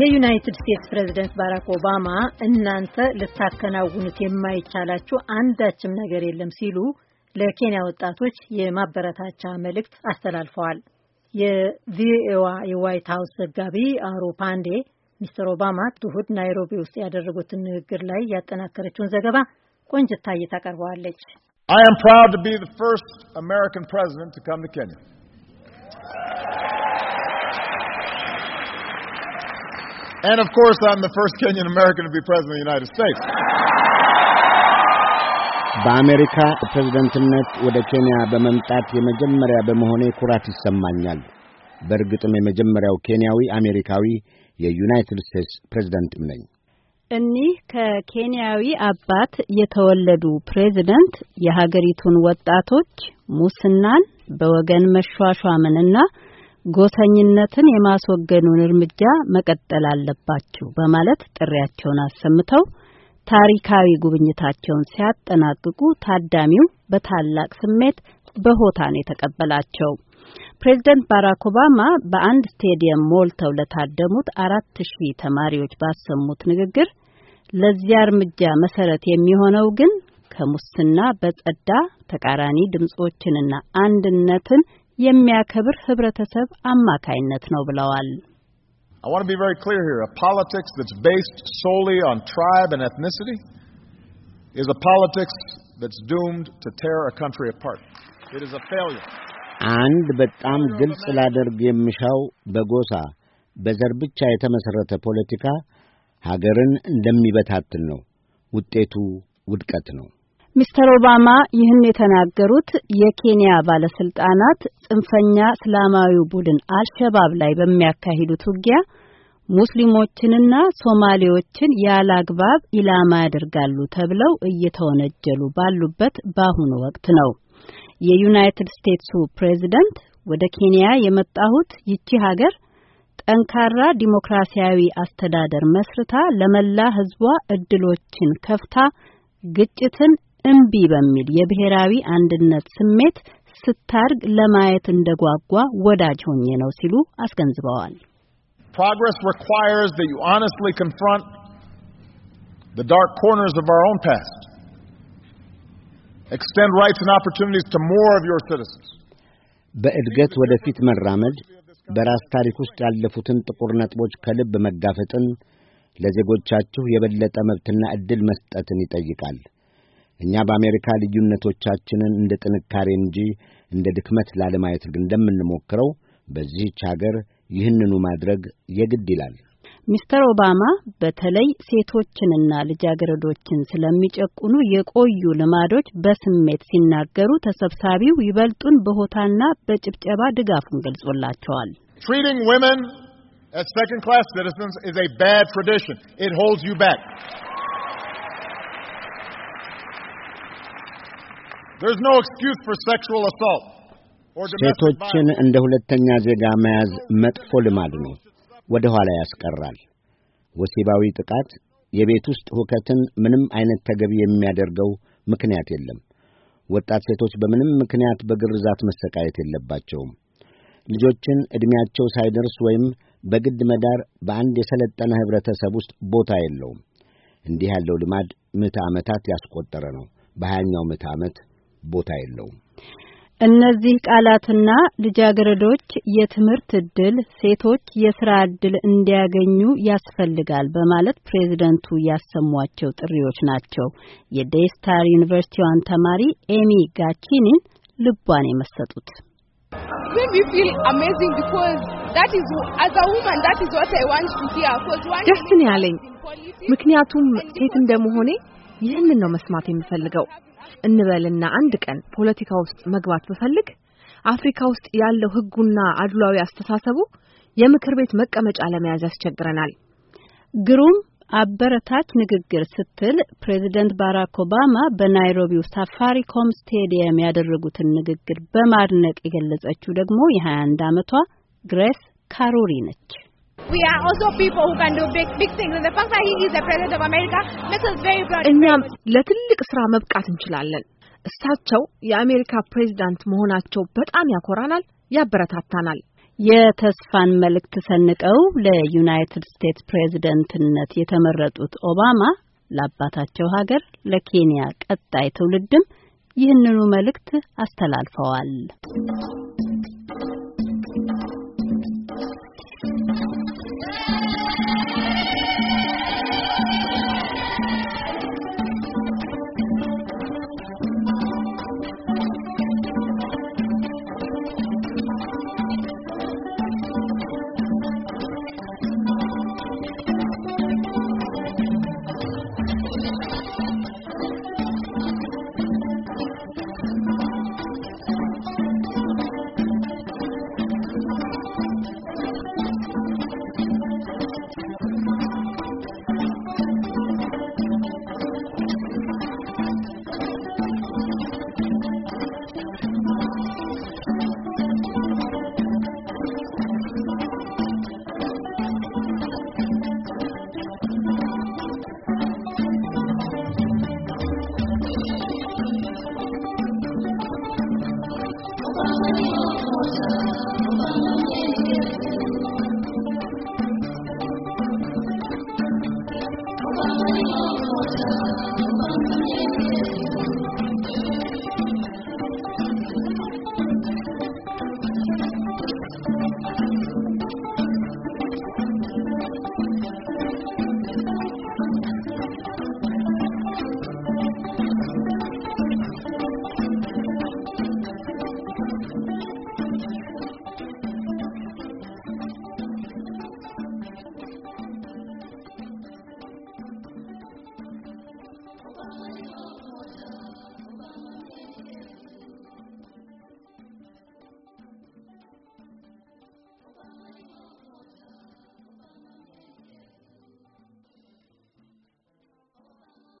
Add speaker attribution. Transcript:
Speaker 1: የዩናይትድ ስቴትስ ፕሬዝደንት ባራክ ኦባማ እናንተ ልታከናውኑት የማይቻላችሁ አንዳችም ነገር የለም ሲሉ ለኬንያ ወጣቶች የማበረታቻ መልእክት አስተላልፈዋል። የቪኦኤዋ የዋይት ሀውስ ዘጋቢ አሮ ፓንዴ ሚስተር ኦባማ ትሁድ ናይሮቢ ውስጥ ያደረጉትን ንግግር ላይ ያጠናከረችውን ዘገባ ቆንጅታ እየታቀርበዋለች።
Speaker 2: I am proud to be the first American president to come to Kenya. And of course, I'm the first Kenyan American to be president of the United States.
Speaker 3: በአሜሪካ ፕሬዝደንትነት ወደ ኬንያ በመምጣት የመጀመሪያ በመሆኔ ኩራት ይሰማኛል። በእርግጥም የመጀመሪያው ኬንያዊ አሜሪካዊ የዩናይትድ ስቴትስ ፕሬዝደንትም ነኝ።
Speaker 1: እኒህ ከኬንያዊ አባት የተወለዱ ፕሬዝደንት የሀገሪቱን ወጣቶች ሙስናን፣ በወገን መሿሿምንና ጎሰኝነትን የማስወገዱን እርምጃ መቀጠል አለባችሁ በማለት ጥሪያቸውን አሰምተው ታሪካዊ ጉብኝታቸውን ሲያጠናቅቁ ታዳሚው በታላቅ ስሜት በሆታን የተቀበላቸው ፕሬዚደንት ባራክ ኦባማ በአንድ ስቴዲየም ሞልተው ለታደሙት አራት ሺህ ተማሪዎች ባሰሙት ንግግር ለዚያ እርምጃ መሰረት የሚሆነው ግን ከሙስና በጸዳ ተቃራኒ ድምጾችንና አንድነትን የሚያከብር ህብረተሰብ አማካይነት ነው ብለዋል።
Speaker 2: I want to be very clear here. A politics that's based solely on tribe and ethnicity is a politics that's doomed to tear a country apart. It is a failure.
Speaker 3: አንድ በጣም ግልጽ ላደርግ የምሻው በጎሳ በዘር ብቻ የተመሰረተ ፖለቲካ ሀገርን እንደሚበታትን ነው። ውጤቱ ውድቀት ነው።
Speaker 1: ሚስተር ኦባማ ይህን የተናገሩት የኬንያ ባለስልጣናት ጽንፈኛ እስላማዊ ቡድን አልሸባብ ላይ በሚያካሂዱት ውጊያ ሙስሊሞችንና ሶማሌዎችን ያለ አግባብ ኢላማ ያደርጋሉ ተብለው እየተወነጀሉ ባሉበት በአሁኑ ወቅት ነው። የዩናይትድ ስቴትሱ ፕሬዝደንት ወደ ኬንያ የመጣሁት ይቺ ሀገር ጠንካራ ዲሞክራሲያዊ አስተዳደር መስርታ ለመላ ሕዝቧ እድሎችን ከፍታ ግጭትን እምቢ በሚል የብሔራዊ አንድነት ስሜት ስታድግ ለማየት እንደጓጓ ወዳጅ ሆኜ ነው ሲሉ አስገንዝበዋል።
Speaker 2: Progress requires that you honestly confront the dark corners of our own past. Extend rights and opportunities to more of your citizens.
Speaker 3: በእድገት ወደፊት መራመድ በራስ ታሪክ ውስጥ ያለፉትን ጥቁር ነጥቦች ከልብ መጋፈጥን፣ ለዜጎቻችሁ የበለጠ መብትና ዕድል መስጠትን ይጠይቃል። እኛ በአሜሪካ ልዩነቶቻችንን እንደ ጥንካሬ እንጂ እንደ ድክመት ላለማየት እንደምንሞክረው በዚህች አገር ይህንኑ ማድረግ የግድ ይላል።
Speaker 1: ሚስተር ኦባማ በተለይ ሴቶችንና ልጃገረዶችን ስለሚጨቁኑ የቆዩ ልማዶች በስሜት ሲናገሩ ተሰብሳቢው ይበልጡን በሆታና በጭብጨባ ድጋፉን ገልጾላቸዋል።
Speaker 3: ሴቶችን እንደ ሁለተኛ ዜጋ መያዝ መጥፎ ልማድ ነው፣ ወደ ኋላ ያስቀራል። ወሲባዊ ጥቃት፣ የቤት ውስጥ ሁከትን ምንም አይነት ተገቢ የሚያደርገው ምክንያት የለም። ወጣት ሴቶች በምንም ምክንያት በግርዛት መሰቃየት የለባቸውም። ልጆችን ዕድሜያቸው ሳይደርስ ወይም በግድ መዳር በአንድ የሰለጠነ ኅብረተሰብ ውስጥ ቦታ የለውም። እንዲህ ያለው ልማድ ምዕተ ዓመታት ያስቆጠረ ነው። በሀያኛው ምዕተ ዓመት ቦታ የለውም።
Speaker 1: እነዚህ ቃላትና ልጃገረዶች የትምህርት እድል፣ ሴቶች የስራ እድል እንዲያገኙ ያስፈልጋል በማለት ፕሬዝደንቱ ያሰሟቸው ጥሪዎች ናቸው። የዴስታር ዩኒቨርሲቲዋን ተማሪ ኤሚ ጋቺኒን ልቧን የመሰጡት
Speaker 4: ደስ ያለኝ፣
Speaker 1: ምክንያቱም ሴት እንደመሆኔ ይህንን ነው መስማት የምፈልገው። እንበልና አንድ ቀን ፖለቲካ ውስጥ መግባት ብፈልግ አፍሪካ ውስጥ ያለው ሕጉና አድሏዊ አስተሳሰቡ የምክር ቤት መቀመጫ ለመያዝ ያስቸግረናል። ግሩም አበረታች ንግግር ስትል ፕሬዚደንት ባራክ ኦባማ በናይሮቢው ሳፋሪኮም ስቴዲየም ያደረጉትን ንግግር በማድነቅ የገለጸችው ደግሞ የ21 ዓመቷ ግሬስ ካሮሪ ነች። እኛም ለትልቅ ስራ መብቃት እንችላለን። እሳቸው የአሜሪካ ፕሬዚዳንት መሆናቸው በጣም ያኮራናል፣ ያበረታታናል። የተስፋን መልእክት ሰንቀው ለዩናይትድ ስቴትስ ፕሬዝደንትነት የተመረጡት ኦባማ ለአባታቸው ሀገር ለኬንያ ቀጣይ ትውልድም ይህንኑ መልእክት አስተላልፈዋል።